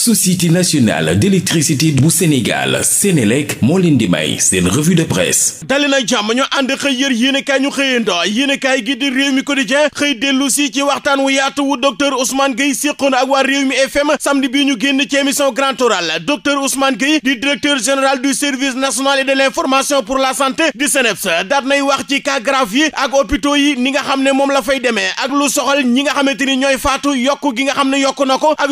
société nationale d'électricité bu Sénégal Sénélec moo leen di may seen revue de presse dali na jàmm ñu ànd xëy yër yéenekaay ñu xëyando yéenekaay gi di réew mi quotidien xëy dellu si ci waxtaan wu yaatu wu docteur Ousmane Gueye séqoon ak waa réew mi FM samedi bii ñu génn ci émission Grand Oral docteur Ousmane Gueye di directeur général du service national et de l'information pour la santé di SNEIPS daat nay wax ci cas grave yi ak hôpitaux yi ni nga xam ne moom la fay demee ak lu soxal ñi nga xamante ni ñooy faatu yokk gi nga xam ne yokk na ko ak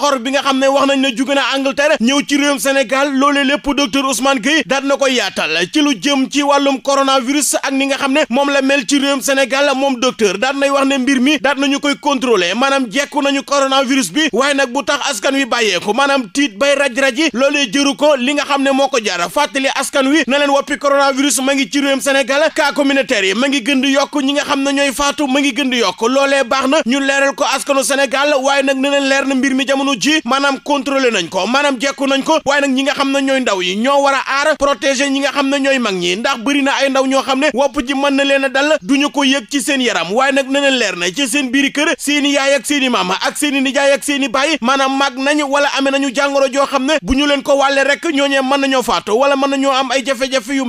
soxor bi nga xam ne wax nañ ne jóge na Angleterre ñëw ci réewum Sénégal loolee lépp docteur Ousmane Gueye daat na ko yaatal ci lu jëm ci wàllum virus ak ni nga xam ne moom la mel ci réewum Sénégal moom docteur daat nay wax ne mbir mi daat nañu koy contrôler maanaam jekku nañu coronavirus bi waaye nag bu tax askan wi bàyyeeku maanaam tiit bay raj-raji loolee jëru ko li nga xam ne moo ko jara fàttali askan wi na leen woppi coronavirus ma ngi ci réewum Sénégal cas communautaire yi ma ngi gën yokk ñi nga xam ne ñooy faatu ma ngi gën yokk loolee baax na ñu leeral ko askanu Sénégal waaye nag na leer na mbir mi jamono jamono ji maanaam contrôlé nañ ko maanaam jekku nañ ko waaye nag ñi nga xam ne ñooy ndaw yi ñoo war a aar protéger ñi nga xam ne ñooy mag ñi ndax bëri ay ndaw ñoo xam ne wopp ji mën na leen a dal duñu ko yëg ci seen yaram waaye nag na leer na ci seen biiri kër seeni yaay ak seeni maama ak seeni nijaay ak seeni baay maanaam màgg nañ wala amee nañu jàngoro joo xam ne bu ñu leen ko wàlle rek ñooñee mën nañoo faatu wala mën nañoo am ay jafe-jafe yu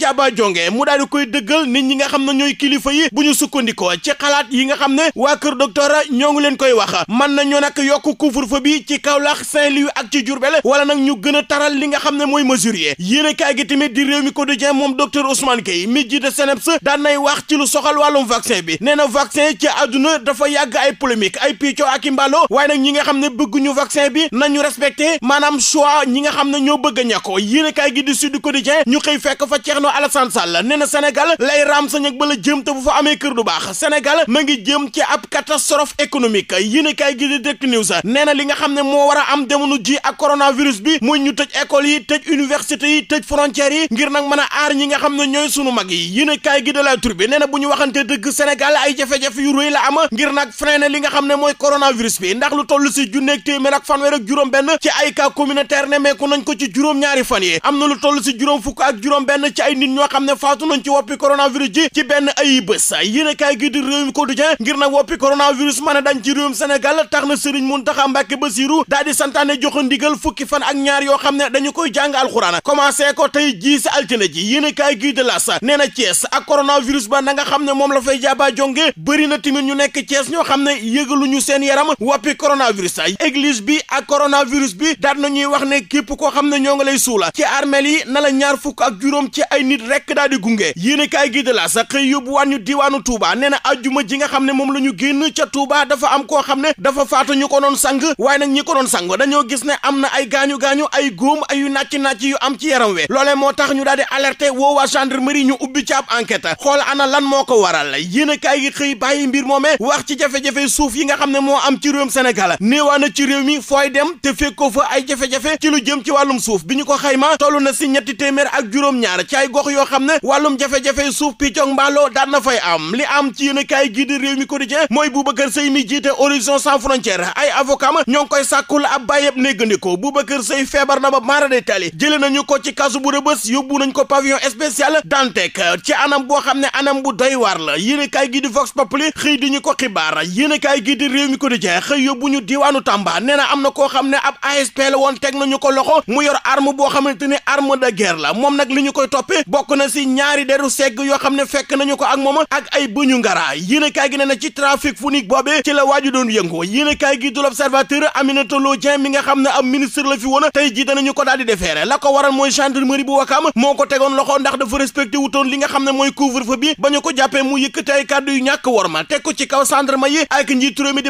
Diaba Jonge mu daal di koy dëggal nit ñi nga xam ne ñooy kilifa yi bu ñu sukkandikoo ci xalaat yi nga xam ne waa kër docteur ñoo ngi leen koy wax man nañoo nag yokk couvre-feu bi ci Kaolack Saint-Louis ak ci jur Diourbel wala nag ñu gën a taral li nga xam ne mooy mesure yi yéene kaay gi tamit di réew mi quotidien moom docteur Ousmane Gueye mi jiite SNEIPS daan nay wax ci lu soxal wàllum vaccin bi nee na vaccin ci àdduna dafa yàgg ay polémique ay picco ak i mballo waaye nag ñi nga xam ne bëgguñu vaccin bi nañu respecté maanaam choix ñi nga xam ne ñoo bëgg a ñàkko yéene kaay gi di Sud ñu xëy fekk fa ceerno Alassane la nee na Sénégal lay raam sañag ba la jëm te bu fa amee kër du baax Sénégal ma ngi jëm ci ab catastrophe économique yéen a kaay gi dëkk Direct News nee na li nga xam ne moo war a am jamono ji ak coronavirus bi mooy ñu tëj école yi tëj université yi tëj frontières yi ngir nag mën a aar ñi nga xam ne ñooy sunu mag yi yéen a kaay gi de la tur bi nee na bu ñu waxante dëgg Sénégal ay jafe-jafe yu rëy la am ngir nag na li nga xam ne mooy coronavirus bi ndax lu toll si junneeg téeméer ak fanweer ak juróom benn ci ay cas communautaire ne meeku nañ ko ci juróom ñaari fan am na lu toll si juróom fukk ak juróom benn ci ay nit ñoo xam ne faatu nañ ci woppi coronavirus ji ci benn ay bés yéen a kaay gi di réew mi quotidien ngir nag woppi coronavirus mën a dañ ci réewum Sénégal tax na Serigne Mountakha Mbacké Bassirou daal di santaane joxe ndigal fukki fan ak ñaar yoo xam ne dañu koy jàng alxuraan commencé ko tey jii si altine ji yéen a kaay gi de las nee na Thiès ak coronavirus ba na nga xam ne moom la fay jaaba jonge bëri na tamit ñu nekk Thiès ñoo xam ne yëgaluñu seen yaram woppi coronavirus ay église bi ak coronavirus bi daal na ñuy wax ne képp koo xam ne ñoo ngi lay suula ci armeel yi na la fukk ak juróom ci ay nit rekk daal di gunge yéen kaay gi de la sa xëy yóbbuwaat ñu diwaanu Touba nee na ajjuma ji nga xam ne moom la ñu génn ca Touba dafa am koo xam ne dafa faatu ñu ko doon sang waaye nag ñi ko doon sang dañoo gis ne am na ay gaañu-gaañu ay góom ayu yu nàcc-nàcc yu am ci yaram we loolee moo tax ñu daal di alerté woowaa gendarmerie ñu ubbi ci ab enquête xool ana lan moo ko waral yéen a kaay gi xëy bàyyi mbir moomee wax ci jafe-jafe suuf yi nga xam ne moo am ci réewum Sénégal néewaa na ci réew mi fooy dem te fekk ko fa ay jafe-jafe jëm ci wàllum suuf bi ñu ko xayma toll na si ñetti téeméer ak juróom-ñaar ci ay gox yoo xam ne wàllum jafe-jafe suuf piccoog mbaaloo daan na fay am li am ci yéen kaay gii di réew mi quotidien mooy bu Boubacar Seye mi jiite Horizon sans frontières ay avocat ma ñoo ngi koy sàkkul ab bàyyeb néggandiko Boubacar Seye feebar na ba maara de tali jëlee nañu ko ci kasu bu rëbës yóbbu nañ ko pavillon spécial Dantec ci anam boo xam ne anam bu doy waar la yéen kaay gii di Vox Populi xëy ñu ko xibaar yéen kaay gii di réew mi quotidien xëy yóbbu ñu diwaanu Tamba nee na am na koo xam ne ab ASP la woon teg nañu ko loxo mu yor arme boo xamante ni arme de guerre la moom nag li ñu koy toppee bokk na si ñaari deru segg yoo xam ne fekk nañu ko ak moom ak ay bëñu ngara yéenekaay gi ne na ci trafic funique boobee ci la waaju doon yëngu yéenekaay gi du l'Observateur Aminata Lô mi nga xam ne am ministre la fi woon tey jii danañu ko daal defeere la ko waral mooy gendarmerie bu Wakaam moo ko tegoon loxo ndax dafa respecté wutoon li nga xam ne mooy couvre-feu bi ba ñu ko jàppee mu yëkkati ay kàddu yu ñàkk worma teg ko ci kaw gendarme yi ak njiitu réew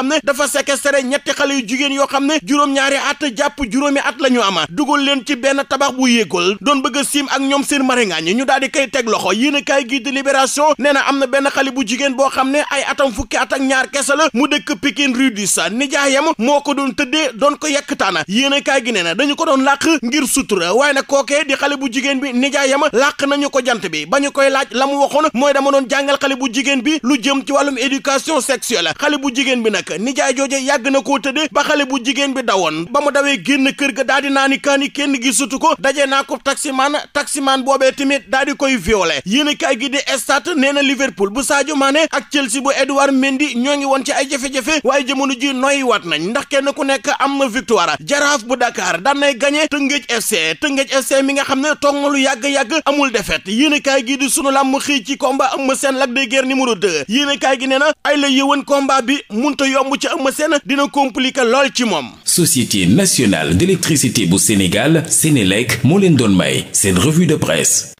A dafa séquestré ñetti xale yu jigéen yoo xam ne juróom-ñaari at jàpp juróomi at la ñu ama dugal leen ci benn tabax bu yéegul doon bëgg a siim ak ñoom seen maringaañ ñu daal di koy teg loxo yéen a kaay gi di nee na am na benn xale bu jigéen boo xam ne ay atam fukki at ak ñaar kese la mu dëkk Pikine rue du Sa nijaayam moo ko doon tëddee doon ko yekkataana yéen a kaay gi nee na dañu ko doon làq ngir sutura waaye na kookee di xale bu jigéen bi nijaayam làq nañu ko jant bi ba ñu koy laaj la mu waxoon mooy dama doon jàngal xale bu jigéen lu jëm ci wàllum éducation sexuelle xale bu jigéen bi nag nijaay jooje yàgg na koo tëddee ba xale bu jigéen bi dawoon ba mu dawee génn kër ga daal di naa kaani kenn gisutu ko daje naa ko taximaan taximaan boobee tamit daal di koy violé yéen kaay gi di Stades nee na Liverpool bu Sadio Mané ak Chelsea bu Edouard Mendy ñoo ngi woon ci ay jafe-jafe waaye jamono ji noyyi waat nañ ndax kenn ku nekk am na victoire jaraaf bu Dakar daan nay gagné Tëngéej FC Tëngéej FC mi nga xam ne toog na lu yàgg-yàgg amul défaite yéen kaay gi di sunu làmm xëy ci combat Eumeu Sène Lac de Guiers numéro 2 yéen kaay gi nee na ay la yëwan combat bi munta ci Eumeu Sène dina compliquer lool ci moom. Société nationale d'électricité bu Sénégal Sénélec moo leen doon may seen revue de presse.